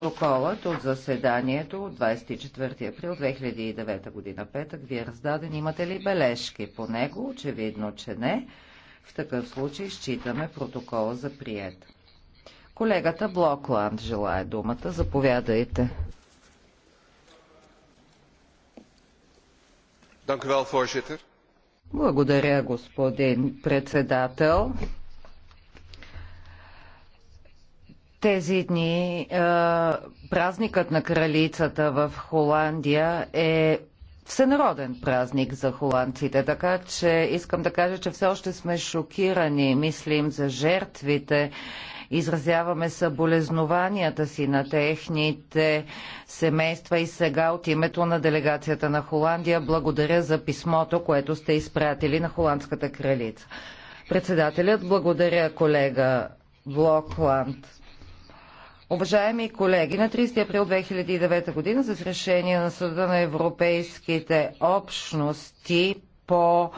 Протоколът от заседанието от 24 април 2009 година петък ви е раздаден. Имате ли бележки по него? Очевидно, че не. В такъв случай считаме протокола за прият. Колегата Блокланд желая думата. Заповядайте. Благодаря, господин председател. Тези дни а, е, празникът на кралицата в Холандия е всенароден празник за холандците, така че искам да кажа, че все още сме шокирани, мислим за жертвите, изразяваме съболезнованията си на техните семейства и сега от името на делегацията на Холандия благодаря за писмото, което сте изпратили на холандската кралица. Председателят благодаря колега Блокланд. Уважаеми колеги, на 30 април 2009 година с решение на Съда на Европейските общности по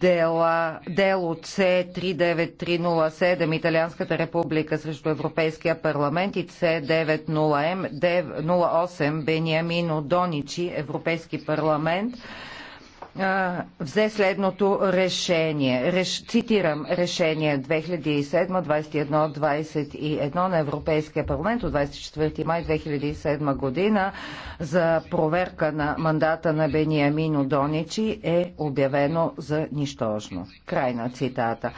дела, дело с 39307 Италианската република срещу Европейския парламент и С-90М-08 Бениамино Доничи Европейски парламент взе следното решение. Реш, цитирам решение 2007-21-21 на Европейския парламент от 24 май 2007 година за проверка на мандата на Бениамино Доничи е обявено за нищожно. Край на цитата.